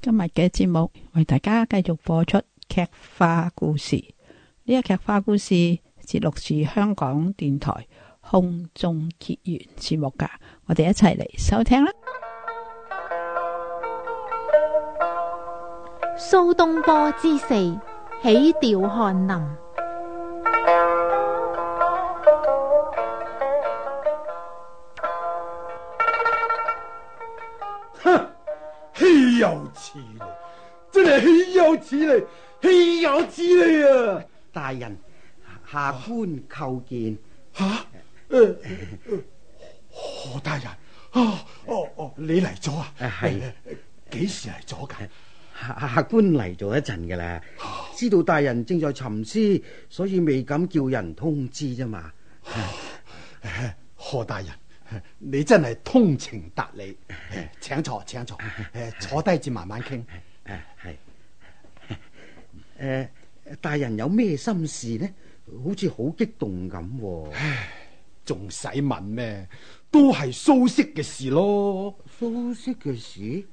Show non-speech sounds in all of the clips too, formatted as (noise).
今日嘅節目為大家繼續播出劇化故事，呢個劇化故事節錄是香港電台空中結緣節目噶，我哋一齊嚟收聽啦。蘇東坡之四，起調翰林。豈有此理！豈有此理啊！大人，下官叩見。吓、啊？啊、何大人啊？哦、啊、哦，你嚟咗是啊？係。幾時嚟咗噶？下官嚟咗一陣噶啦，知道大人正在沉思，所以未敢叫人通知啫嘛、啊啊。何大人，你真係通情達理，請坐，請坐。坐低至慢慢傾。係。誒、呃，大人有咩心事呢？好似好激動咁、哦。唉，仲使問咩？都係蘇軾嘅事咯。蘇軾嘅事，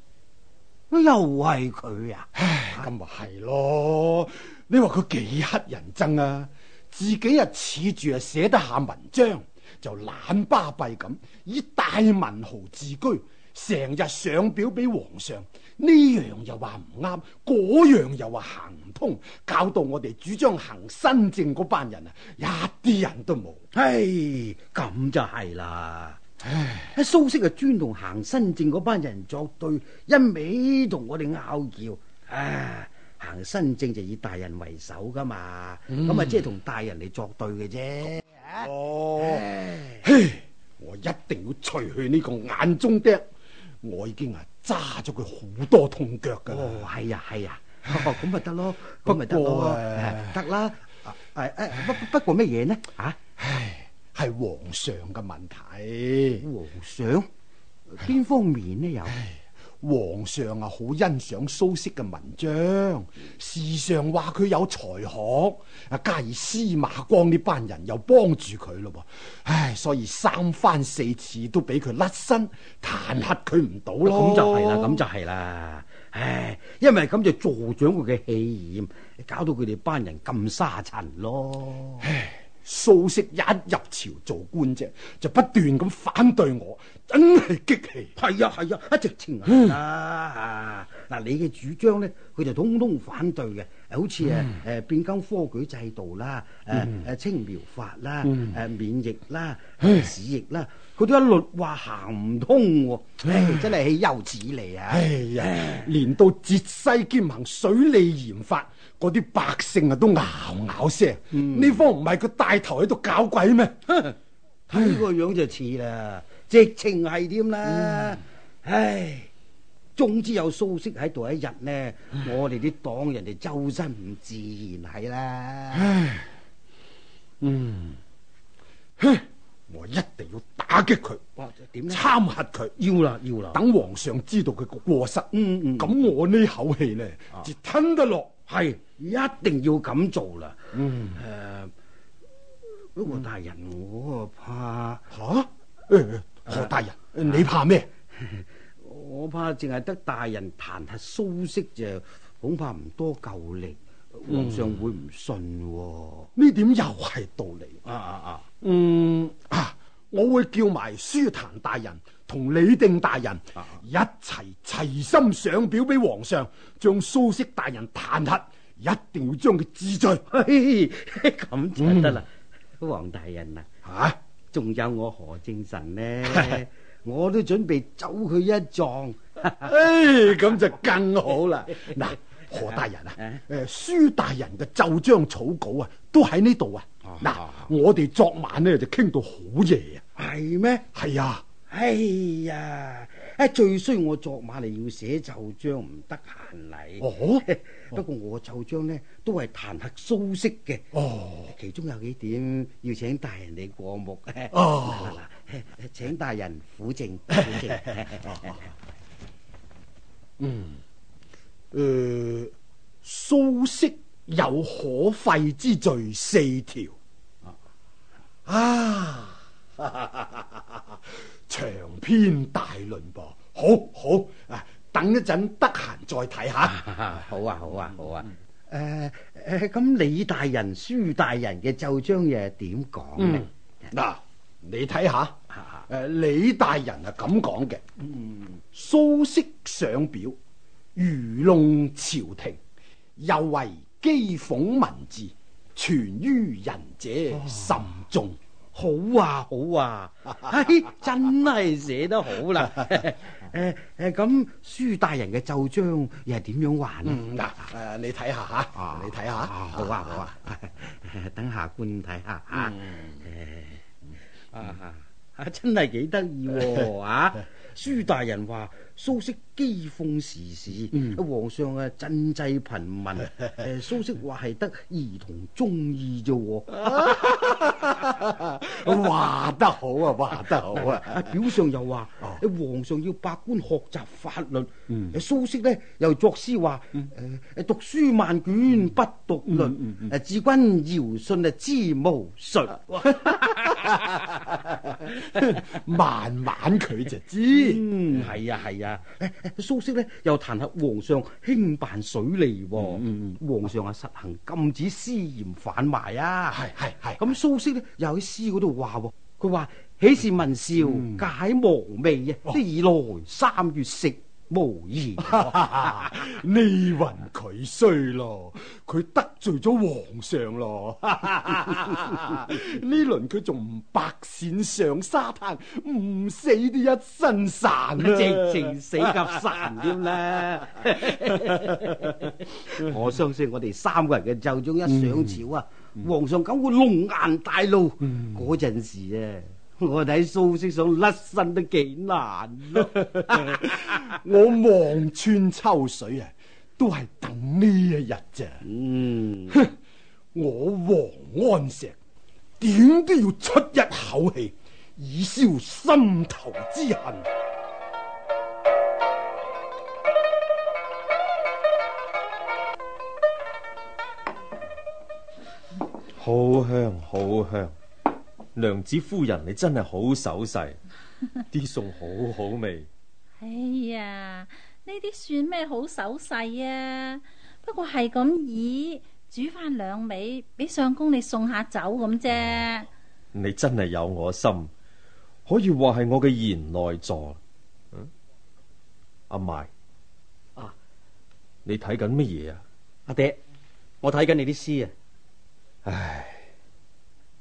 又係佢啊？唉，咁咪係咯。啊、你話佢幾乞人憎啊？自己又恃住啊，寫得下文章，就懶巴閉咁，以大文豪自居，成日上表俾皇上。呢樣又話唔啱，嗰樣又話行唔通，搞到我哋主張行新政嗰班人啊，一啲人都冇。唉，咁就係啦。唉，喺蘇軾啊，專同行新政嗰班人作對，一味同我哋拗撬。唉，行新政就以大人為首噶嘛，咁啊、嗯，即係同大人嚟作對嘅啫。嗯、哦，嘿，我一定要除去呢個眼中釘，我已經啊。揸咗佢好多痛腳噶，係、哦、啊，係啊，咁咪得咯，咁咪得咯，得啦，誒誒，不不過咩嘢呢？啊，唉，係皇上嘅問題。皇上邊方面呢？有？的皇上啊，好欣賞蘇軾嘅文章，時常話佢有才學，啊，加上司馬光呢班人又幫住佢咯，唉，所以三番四次都俾佢甩身，彈劾佢唔到啦，啊，咁就係啦，咁就係啦，唉，因為咁就助長佢嘅氣焰，搞到佢哋班人咁沙塵咯，唉。蘇軾一入朝做官啫，就不斷咁反對我，真係激氣。係啊係啊，一直情行啊，嗱、啊，你嘅主張咧，佢就通通反對嘅。好似誒誒變更科舉制度啦，誒誒青苗法啦，誒、嗯啊、免役啦，誒市役啦，佢唉都一律話行唔通喎，真係豈有此理啊！連到浙西兼行水利研發，嗰啲百姓啊都咬咬聲，呢、嗯、方唔係佢帶頭喺度搞鬼咩？睇個樣就似啦，唉直情係添啦，唉、嗯！啊哎總之有蘇軾喺度一日呢，我哋啲黨人哋周身唔自然係啦。嗯，哼，我一定要打擊佢，或者點樣參劾佢，要啦，要啦。等皇上知道佢個過失，嗯嗯，咁我呢口氣呢，就吞得落，係一定要咁做啦。誒，不過大人，我怕吓。何大人，你怕咩？我怕淨係得大人彈劾蘇軾就恐怕唔多夠力，嗯、皇上會唔信、啊。呢點又係道理。啊啊啊！啊啊嗯啊，我會叫埋舒談大人同李定大人一齊齊心上表俾皇上，將蘇軾大人彈劾，一定要將佢治罪。咁就得啦，黃、嗯、大人啊，啊，仲有我何正臣呢？ (laughs) 我都準備走佢一撞，哎，咁就更好啦。嗱，何大人啊，誒、啊，舒大人嘅奏章草稿啊，都喺呢度啊。嗱、啊，啊、我哋昨晚呢就傾到好夜啊。係咩嗎？係啊。哎呀，哎，最衰我昨晚嚟要寫奏章唔得閒嚟。哦、啊。 (laughs) 不過我奏章呢都係彈劾蘇軾嘅。哦、啊啊。其中有幾點要請大人你過目。哦、 (laughs) 啊。請大人撫證，撫證。嗯、 (laughs) 呃，誒，蘇軾有可廢之罪四條啊， (laughs) 長篇大論噃。好，好啊，等一陣得閒再睇下。好啊，好啊，好啊。誒、呃，咁李大人、舒大人嘅奏章又點講呢？嗱。嗯 (laughs) 你睇下，誒李大人啊咁講嘅，嗯、蘇軾上表愚弄朝廷，又為譏諷文字，傳於仁者甚眾。啊好啊，好啊，哎、真係寫得好啦。誒誒、 (laughs) 嗯，咁蘇大人嘅奏章又係點樣還？嗱，誒你睇下嚇，你睇下、啊啊，好啊，好啊，等下官睇下嚇。嗯啊啊哈！嗯、啊，真係幾得意喎！ (laughs) 啊，舒大人話。蘇軾譏諷時事，皇上啊賑濟貧民，誒蘇軾話係得兒童中意啫，話得好啊，話得好啊！表上又話，皇上要百官學習法律，蘇軾咧又作詩話，誒讀書萬卷不讀律，誒致君堯舜啊知無術，慢慢佢就知，係啊係啊。誒誒，蘇軾咧又彈劾皇上興辦水利、哦嗯，嗯嗯，皇上啊實行禁止私鹽販賣啊，係係係。咁蘇軾咧又喺詩嗰度話，佢話豈是聞韶解忘味啊，即、嗯哦、以來三月食。無疑，呢輪佢衰咯，佢得罪咗皇上咯。呢輪佢仲唔白線上沙灘，唔死啲一身殘、啊，直情死夾殘添啦。 (laughs) (laughs) 我相信我哋三個人嘅奏章一上朝啊，嗯嗯、皇上噉會龍顏大怒。嗰陣、嗯、時啊。我睇蘇軾想甩身都幾難咯、啊， (laughs) 我望穿秋水啊，都係等呢一日咋？嗯， (laughs) 我王安石點都要出一口氣，以消心頭之恨。好香，好香。娘子夫人，你真係好手勢，啲餸好好味。哎呀，呢啲算咩好手勢啊？不過係咁以煮翻兩味，俾相公你送下酒咁啫、啊。你真係有我心，可以話係我嘅言內助。嗯，阿邁啊，你睇緊乜嘢啊？阿爹，我睇緊你啲詩啊。唉。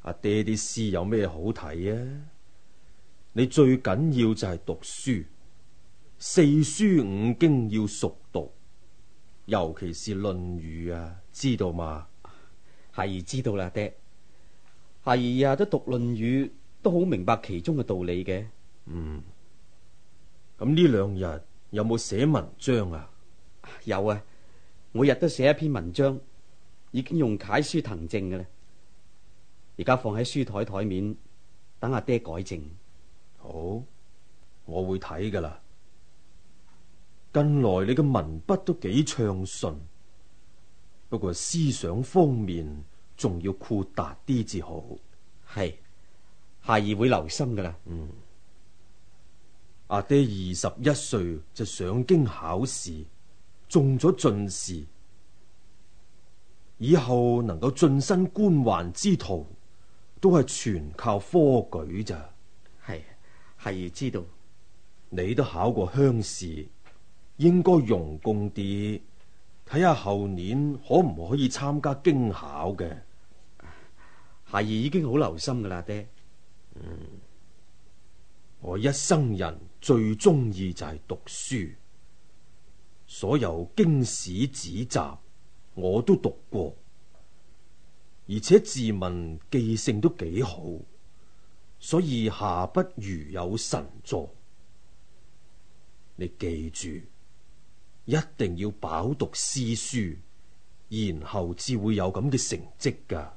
阿爹啲詩有咩好睇啊？你最緊要就係讀書，四書五經要熟讀，尤其是《論語》啊，知道嘛？係知道啦，爹。係啊，都讀《論語》，都好明白其中嘅道理嘅。嗯，咁呢兩日有冇寫文章啊？有啊，每日都寫一篇文章，已經用楷書謄正㗎喇。而家放喺書枱枱面，等阿爹，爹改正。好，我會睇噶啦。近來你嘅文筆都幾暢順，不過思想方面仲要豁達啲至好。係，孩兒會留心噶啦。嗯，阿爹二十一歲就上京考試，中咗進士，以後能夠晉身官宦之途。都係全靠科舉咋？係，孩兒知道。你都考過鄉試，應該用功啲，睇下後年可唔可以參加京考嘅？孩兒已經好留心噶啦，爹。嗯，我一生人最中意就係讀書，所有經史子集我都讀過。而且自問記性都幾好，所以下不如有神助。你記住，一定要飽讀詩書，然後至會有咁嘅成績噶。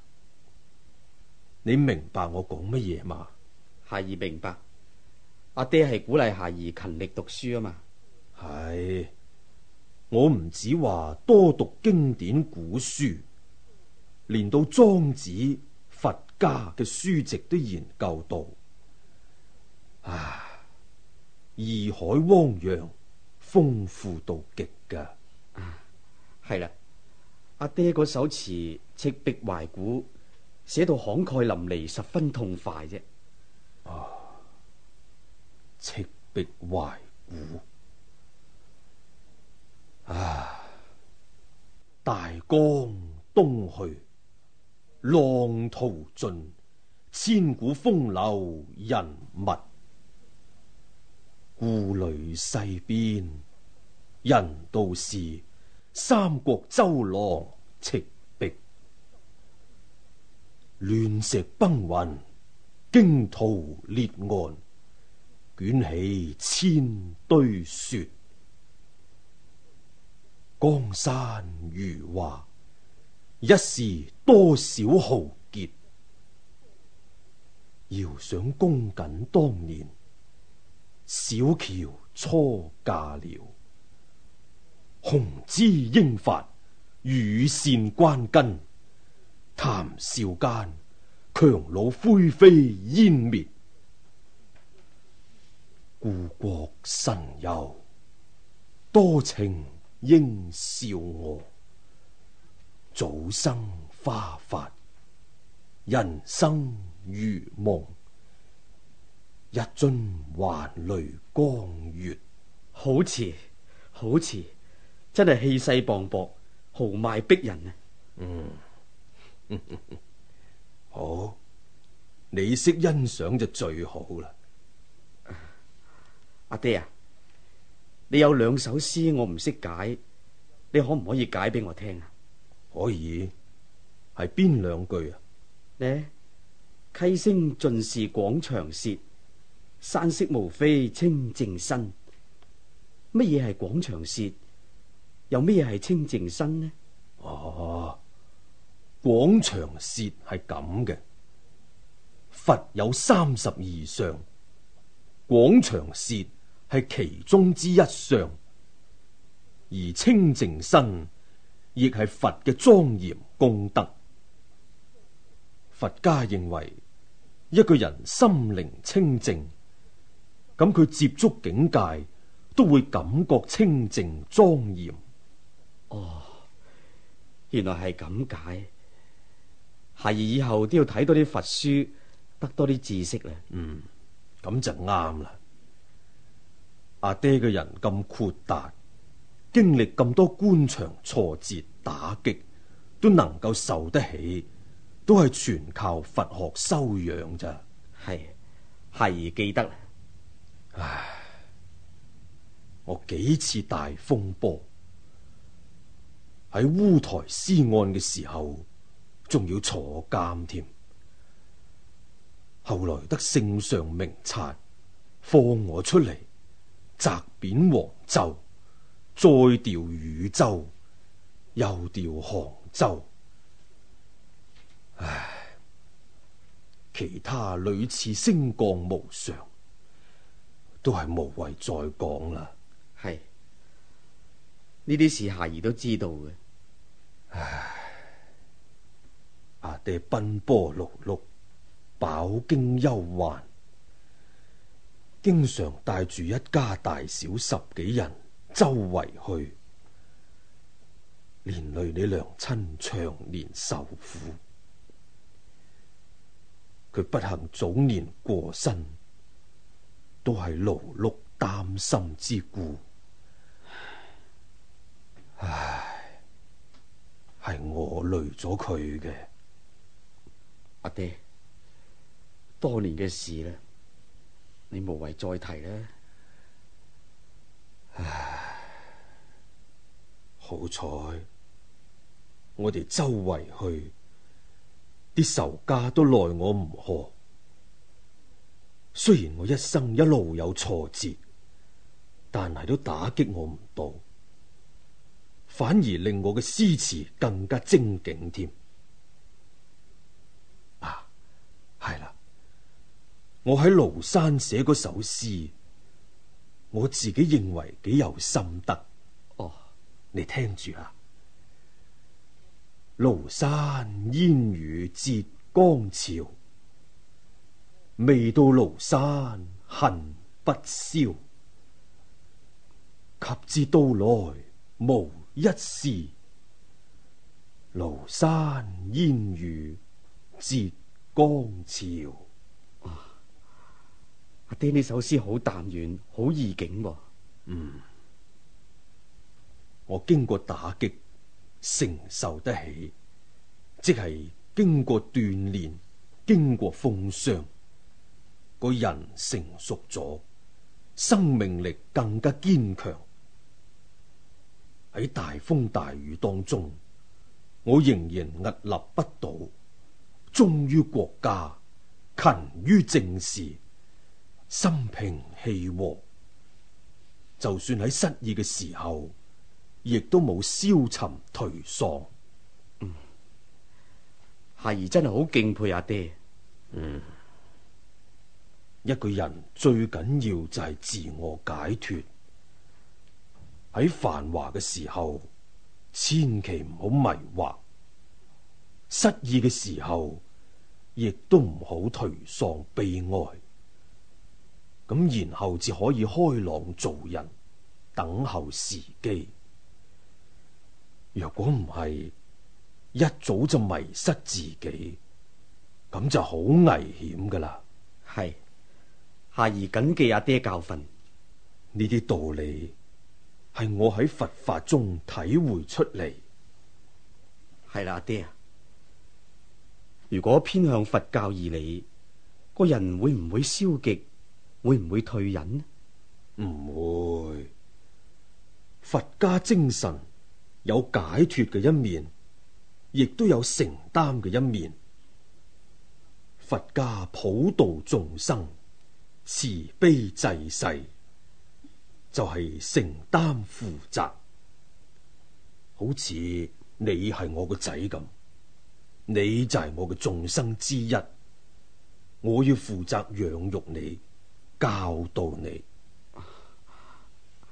你明白我講乜嘢嘛？孩兒明白，阿爹係鼓勵孩兒勤力讀書啊嘛。係，我唔止話多讀經典古書。連到莊子、佛家嘅書籍都研究到，啊，義海汪洋，豐富到極噶。係啦，啊，阿爹嗰首詞，赤壁懷古，寫到慷慨淋漓，十分痛快啫。啊，赤壁懷古，啊，大江東去。浪淘盡，千古風流人物。故壘西邊，人道是三國周郎赤壁。亂石崩雲，驚濤裂岸，卷起千堆雪。江山如畫，一時多少豪傑，遙想公瑾當年，小喬初嫁了，雄姿英發，羽扇綸巾，談笑間，檣櫓灰飛煙滅。故國神遊，多情應笑我。早生花髮，人生如夢，一樽還酹江月。好詞，好詞，真係氣勢磅礴，豪邁逼人啊！嗯， (laughs) 好，你識欣賞就最好啦。阿、啊、爹啊，你有兩首詩我唔識解，你可唔可以解俾我聽啊？可以，係邊兩句啊？呢，溪聲盡是廣長舌，山色無非清淨身。乜嘢係廣長舌？又咩嘢係清淨身呢？哦、啊，廣長舌係咁嘅，佛有三十二相，廣長舌係其中之一相，而清淨身。亦係佛嘅莊嚴功德。佛家認為，一個人心靈清靜，咁佢接觸境界都會感覺清靜莊嚴。哦，原來係咁解，係以後都要睇多啲佛書，得多啲知識啦。嗯，咁就啱啦。阿爹嘅人咁豁達。經歷咁多官場挫折打擊，都能夠受得起，都係全靠佛學修養咋？係。係，記得。唉，我幾次大風波喺烏台詩案嘅時候，仲要坐監添。後來得聖上明察，放我出嚟，摘貶黃州。再調禹州，又調杭州，唉，其他屢次升降無常，都係無謂再講啦。係呢啲事，孩兒都知道嘅。唉，阿爹奔波碌碌，飽經憂患，經常帶住一家大小十幾人。周圍去，連累你娘親長年受苦。佢不幸早年過身，都係勞碌擔心之故。唉，係我累咗佢嘅。阿爹，多年嘅事啦，你無謂再提啦。唉。好彩，我哋周圍去啲仇家都奈我唔何。雖然我一生一路有挫折，但係都打擊我唔到，反而令我嘅詩詞更加精警添。啊，係啦，我喺廬山寫嗰首詩，我自己認為幾有心得。你聽住啊！廬山煙雨浙江潮，未到廬山恨不消。及至到來無一事，廬山煙雨浙江潮。啊，阿爹，呢首詩好淡遠，好意境。嗯。我經過打擊，承受得起，即係經過鍛煉，經過風霜，個人成熟咗，生命力更加堅強。喺大風大雨當中，我仍然屹立不倒，忠於國家，勤於政事，心平氣和。就算喺失意嘅時候。亦都冇消沉頹喪，嗯，孩兒真係好敬佩阿爹。嗯，一個人最緊要就係自我解脱。喺繁華嘅時候，千祈唔好迷惑；失意嘅時候，亦都唔好頹喪悲哀。咁然後至可以開朗做人，等候時機。如果唔係，一早就迷失自己，咁就好危險噶啦。係夏兒謹記阿爹，爹教訓，呢啲道理係我喺佛法中體會出嚟。係啦，阿爹。如果偏向佛教而嚟，個人會唔會消極？會唔會退隱呢？唔會。佛家精神。有解脱嘅一面，亦都有承擔嘅一面。佛家普度眾生，慈悲濟世，就係、是、承擔負責。好似你係我個仔咁，你就係我嘅眾生之一，我要負責養育你，教導你，阿、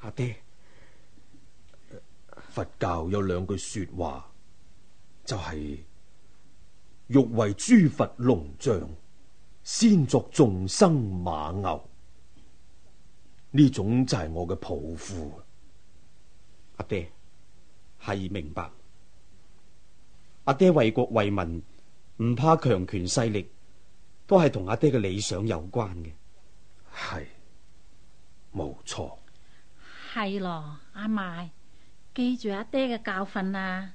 啊、爹。佛教有兩句說話，就係欲為諸佛龍象，先作眾生馬牛。呢種就係我嘅抱負。阿爹係明白，阿爹為國為民，唔怕強權勢力，都係同阿爹嘅理想有關嘅。係，冇錯。係咯，阿嫲。記住阿爹嘅教訓啊！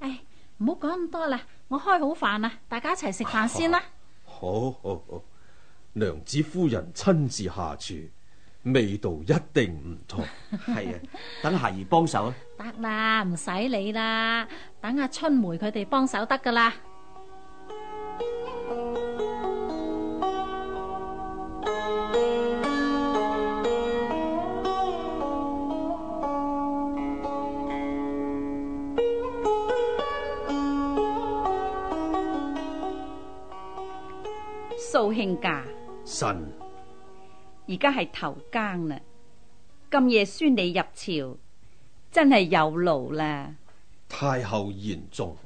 唉、哎，唔好講咁多啦，我開好飯啦，大家一齊食飯先啦。啊、好好好，娘子夫人親自下廚，味道一定唔同。係啊， (laughs) 等孩兒幫手啊。得啦，唔使你啦，等阿春梅佢哋幫手得噶啦。蘇卿家，臣而家係頭更啦，今夜宣你入朝，真係有勞啦。太后言重，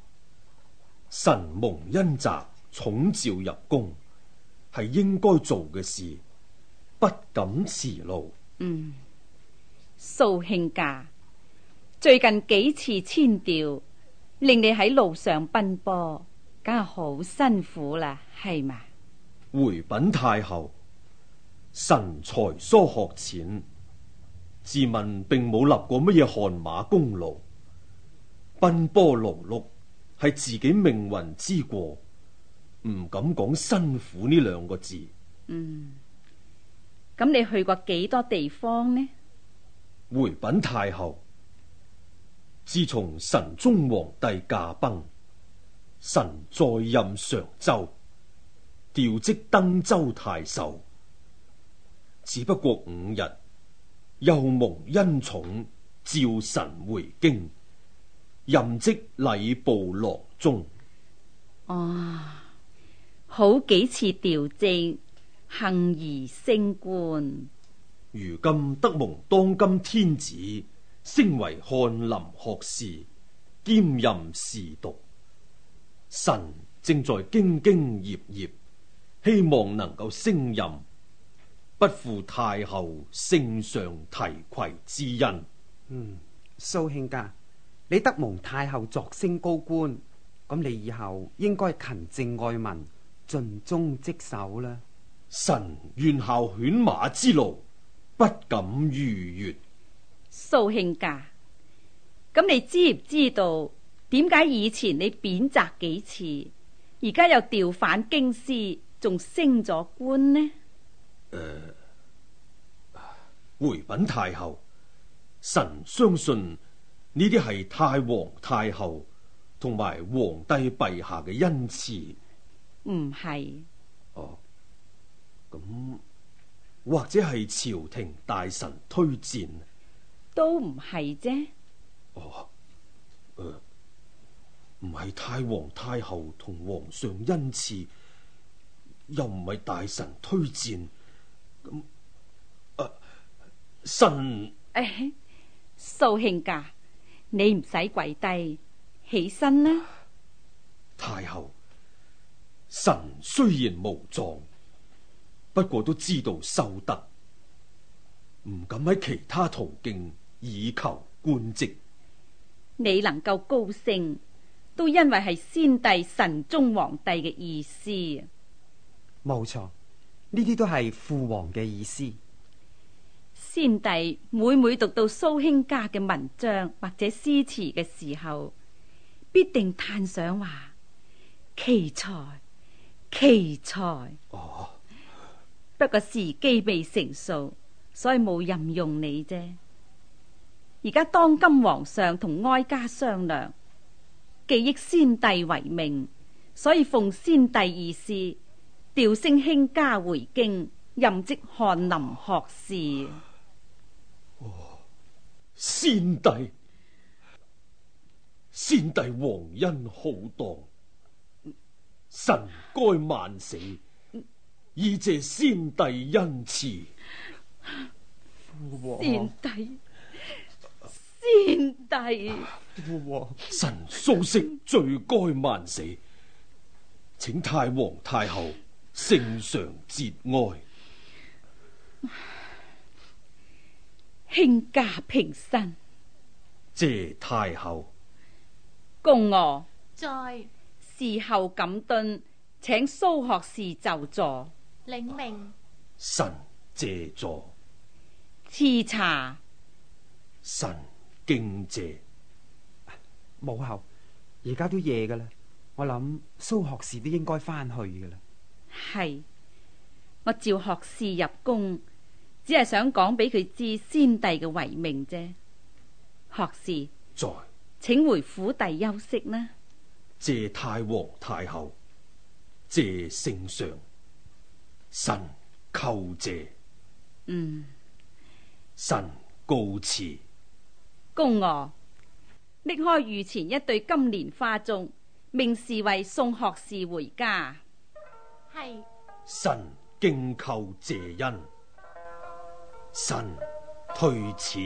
臣蒙恩澤，寵召入宮，係應該做嘅事，不敢辭勞。嗯，蘇卿家，最近幾次遷調，令你喺路上奔波，梗係好辛苦啦，係嘛？回稟太后，臣才疏學淺，自問並冇立過乜嘢汗馬功勞，奔波勞碌，係自己命運之過，唔敢講辛苦呢兩個字。嗯，咁你去過幾多地方呢？回稟太后，自從神宗皇帝駕崩，臣在任常州。調職登州太守，只不過五日，又蒙恩寵召臣回京，任職禮部郎中。啊、哦，好幾次調職，幸而升官。如今得蒙當今天子升為翰林學士，兼任侍讀，臣正在兢兢業業。希望能夠升任，不負太后聖上提攜之恩。嗯，蘇卿家，你得蒙太后擢升高官，咁你以後應該勤政愛民，盡忠職守啦。臣願效犬馬之勞，不敢逾越。蘇卿家，咁你知唔知道點解以前你貶責幾次，而家又調返京師？仲升咗官呢？誒、呃，回稟太后，臣相信呢啲係太皇太后同埋皇帝陛下嘅恩賜，唔係。哦，咁或者係朝廷大臣推薦，都唔係啫。哦，呃，唔係太皇太后同皇上恩賜。又唔係大臣推薦咁、嗯、啊！神素慶㗎，你唔使跪低，起身啦。太后，神雖然無狀，不過都知道修德，唔敢喺其他途徑以求官職。你能夠高升，都因為係先帝神宗皇帝嘅意思。冇錯，呢啲都係父皇嘅意思。先帝每每讀到蘇卿家嘅文章或者詩詞嘅時候，必定歎賞話奇才奇才。奇才哦，不過時機未成熟，所以冇任用你啫。而家當今皇上同哀家商量，記憶先帝為命，所以奉先帝意思。調升卿家回京，任職翰林學士。先帝，先帝皇恩浩蕩，臣該萬死，以謝先帝恩賜。哇先帝，先帝，父皇哇，臣蘇軾罪該萬死，請太皇太后。聖上節哀，卿家平身。謝太后。共我，在事后錦頓，請蘇學士就座。領命明。臣謝座。賜茶。臣，敬謝。母后，而家都夜噶啦，我諗蘇學士都應該翻去噶啦。係，我召學士入宮，只係想講俾佢知先帝嘅遺命啫。學士在，請回府邸休息啦。謝太皇太后，謝聖上，臣叩謝。臣嗯，臣告辭。公娥，搦開御前一對金蓮花種，命侍衛送學士回家。係，神敬，求謝恩，神推辭。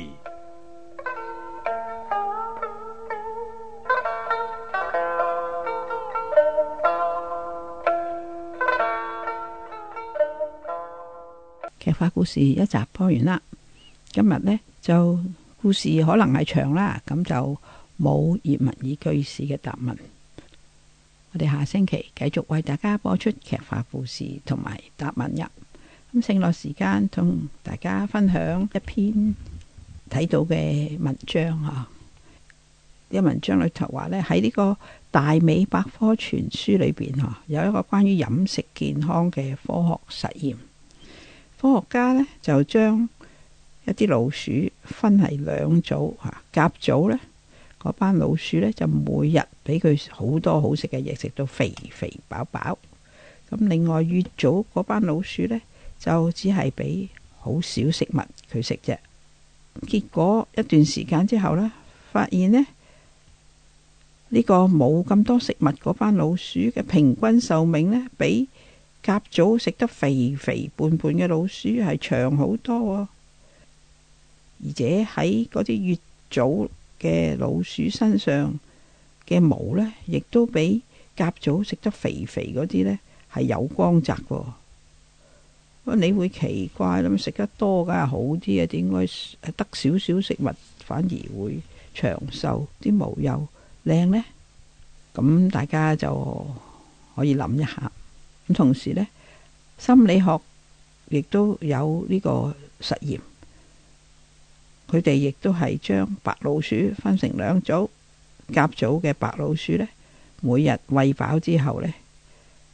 劇化故事一集播完啦，今日呢就故事可能係長啦，咁就冇葉文以居士嘅答問。我哋下星期繼續為大家播出劇化故事同埋答問日。咁剩落時間同大家分享一篇睇到嘅文章呢啲、這個、文章裏頭話呢，喺呢個大美百科全書裏邊啊，有一個關於飲食健康嘅科學實驗。科學家呢，就將一啲老鼠分為兩組啊，甲組咧。嗰班老鼠呢，就每日俾佢好多好食嘅嘢食到肥肥飽飽，咁另外月早嗰班老鼠呢，就只係俾好少食物佢食啫。結果一段時間之後呢，發現咧呢，呢個冇咁多食物嗰班老鼠嘅平均壽命呢，比甲早食得肥肥胖胖嘅老鼠係長好多喎，而且喺嗰啲月早。嘅老鼠身上嘅毛呢，亦都比甲組食得肥肥嗰啲呢，係有光澤。咁你會奇怪咁，食得多梗係好啲啊，點解得少少食物反而會長壽，啲毛又靚呢？咁大家就可以諗一下。咁同時呢，心理學亦都有呢個實驗。佢哋亦都係將白老鼠分成兩組，甲組嘅白老鼠咧，每日餵飽之後咧，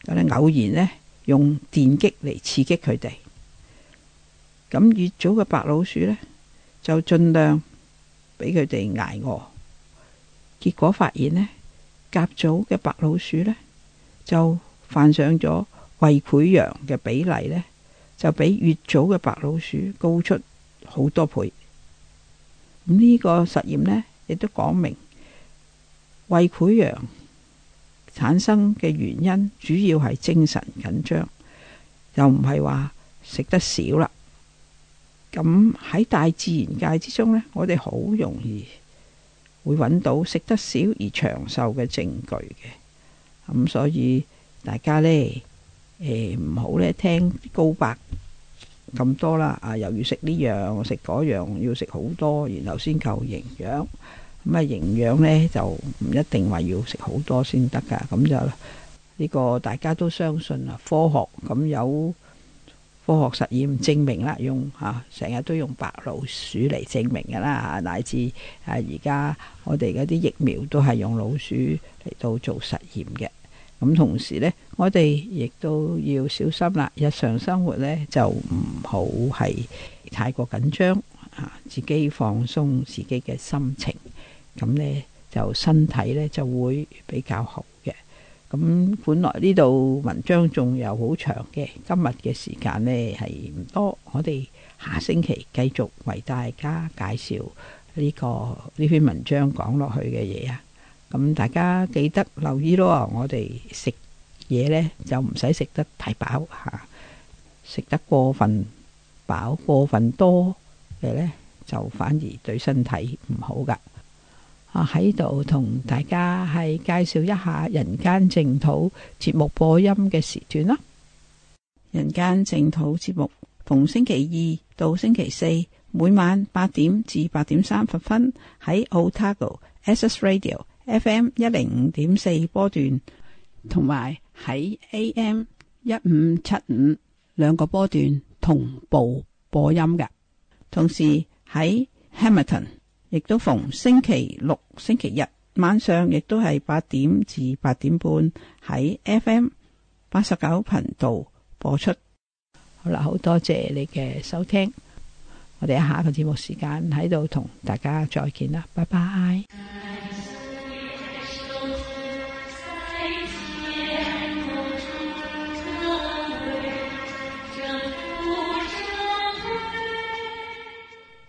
咁咧偶然咧用電擊嚟刺激佢哋。咁乙組嘅白老鼠咧，就盡量俾佢哋挨餓。結果發現咧，甲組嘅白老鼠咧就犯上咗胃潰瘍嘅比例咧，就比乙組嘅白老鼠高出好多倍。呢個實驗呢，亦都講明胃潰瘍產生嘅原因，主要係精神緊張，又唔係話食得少啦。咁喺大自然界之中呢，我哋好容易會搵到食得少而長壽嘅證據嘅。咁、嗯、所以大家呢，唔好咧聽告白。咁多啦，啊，又要食呢樣食嗰樣，要食好多，然後先夠營養。咁啊，營養呢就唔一定話要食好多先得噶，咁就呢個大家都相信啊，科學咁有科學實驗證明啦，用嚇成日都用白老鼠嚟證明噶啦嚇，乃至啊而家我哋嗰啲疫苗都係用老鼠嚟到做實驗嘅。咁同時呢，我哋亦都要小心啦。日常生活呢就唔好係太過緊張啊，自己放鬆自己嘅心情，咁呢就身體呢就會比較好嘅。咁本來呢度文章仲有好長嘅，今日嘅時間呢係唔多，我哋下星期繼續為大家介紹呢個呢篇文章講落去嘅嘢啊。咁大家記得留意咯。我哋食嘢呢就唔使食得太飽吓，食、啊、得過分飽、過分多嘅呢，就反而對身體唔好噶。啊，喺度同大家係介紹一下《人間淨土》節目播音嘅時段啦，《人間淨土》節目逢星期二到星期四每晚八點至八點三十分喺 Otago SS Radio，F.M. 一零五點四波段，同埋喺 A.M. 一五七五兩個波段同步播音嘅。同時喺 Hamilton，亦都逢星期六、星期日晚上，上，亦都係八點至八點半喺 F.M. 八十九頻道播出。好啦，好多謝你嘅收聽，我哋下一個節目時間喺度同大家再見啦，拜拜。